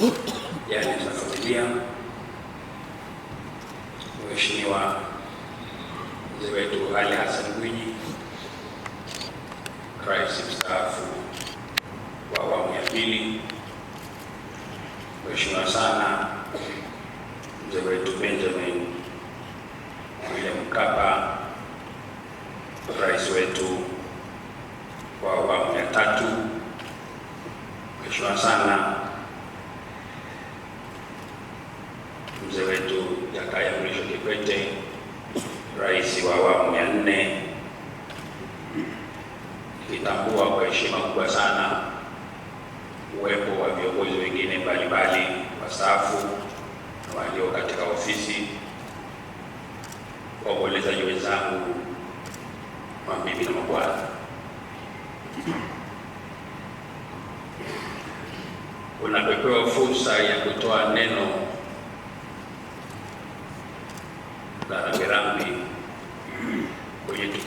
yanaweza yaani kurudia. Mheshimiwa mzee wetu Ali Hassan Mwinyi, rais mstaafu wa awamu ya pili, mheshimiwa sana mzee wetu Benjamin William Mkapa, rais wetu wa awamu ya tatu, mheshimiwa sana mzee wetu Jakaya Mrisho Kikwete, rais wa awamu ya nne, ikitambua kwa heshima kubwa sana uwepo wa viongozi wengine mbalimbali wastaafu na walio katika ofisi, waombolezaji wenzangu, mabibi na mabwana, unapepewa fursa ya kutoa neno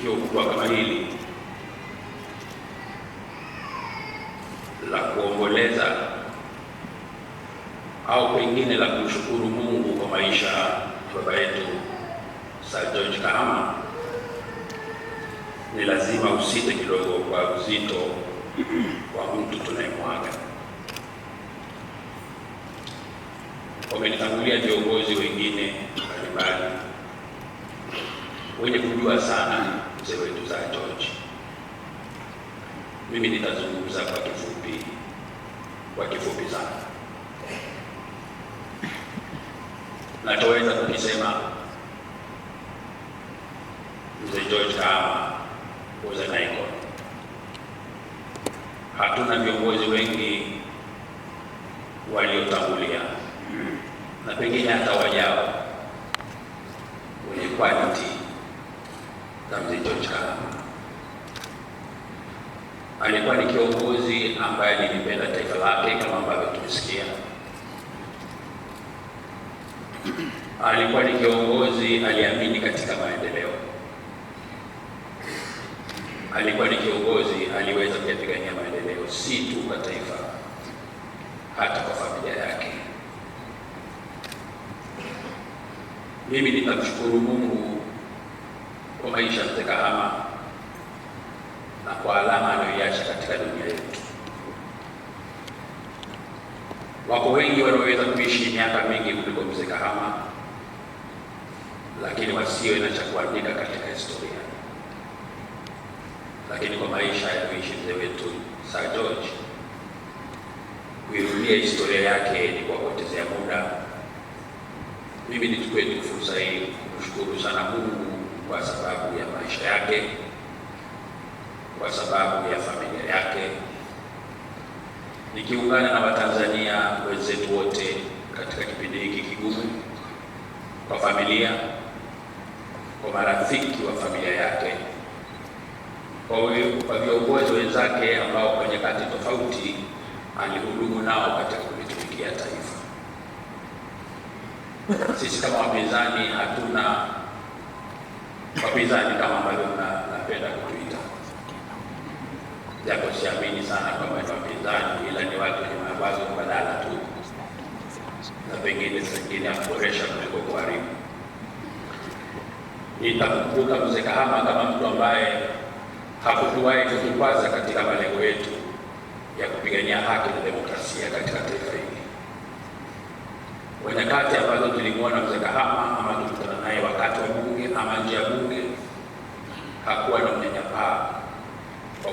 tukio kubwa kama hili la kuomboleza au pengine la kumshukuru Mungu kwa maisha ya baba yetu Sir George Kahama, ni lazima usite kidogo kwa uzito wa mtu tunayemwaga. Wamenitangulia viongozi wengine mbalimbali wenye kujua sana mzee wetu za George. Mimi nitazungumza kwa kifupi, kwa kifupi sana. Nachoweza kukisema mzee George kama uzenaiko, hatuna viongozi wengi waliotangulia na pengine hata wajao wenye quality za Mzito Chana. Alikuwa ni kiongozi ambaye alilipenda taifa lake kama ambavyo tumesikia. Alikuwa ni kiongozi aliamini katika maendeleo. Alikuwa ni kiongozi aliweza kuyapigania maendeleo, si tu kwa taifa, hata kwa familia yake. Mimi ninamshukuru Mungu kwa maisha Mtekahama na kwa alama anayoiacha katika dunia yetu. Wako wengi wanaoweza kuishi miaka mingi kuliko Mzee Kahama, lakini wasiwe na cha kuandika katika historia. Lakini kwa maisha yaliyoishi mzee wetu Sir George, kuirudia historia yake ni kuotezea muda. Mimi nichukue tu fursa hii kumshukuru sana Mungu kwa sababu ya maisha yake, kwa sababu ya familia yake, nikiungana na Watanzania wenzetu wote katika kipindi hiki kigumu, kwa familia, kwa marafiki wa familia yake, kwa viongozi wenzake ambao kwa nyakati tofauti alihudumu nao katika kulitumikia taifa. Sisi kama wapinzani hatuna wapinzani kama ambavyo napenda kutuita, japo siamini sana kwamba ni wapinzani, ila ni watu wenye mawazo mbadala tu na pengine zingine ya kuboresha kuliko kuharibu. Nitamkumbuka mzee Kahama kama mtu ambaye hakutuwahi kutukwaza katika malengo yetu ya kupigania haki na demokrasia katika taifa hili. Kwa nyakati ambazo tulimwona mzee Kahama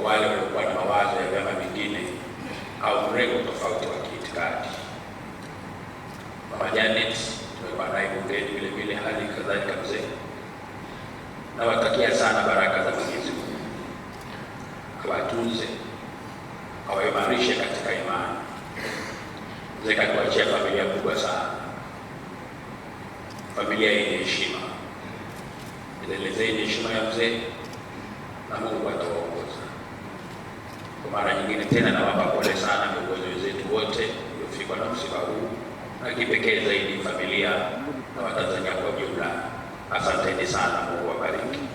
wale waliokuwa na mawazo ya vyama vingine au mrengo tofauti wa kiitikadi. Mama Janet tumekuwa naye bungeni vile vile, hali kadhalika mzee. Nawatakia sana baraka za Mwenyezi Mungu, awatunze, awaimarishe katika imani. Mzee katuachia familia kubwa sana, familia yenye heshima. Elelezeni heshima ya mzee na Mungu kwa mara nyingine tena nawapa pole sana viongozi wenzetu wote waliofikwa na msiba huu na kipekee zaidi familia na Watanzania kwa jumla. Asanteni sana, Mungu awabariki.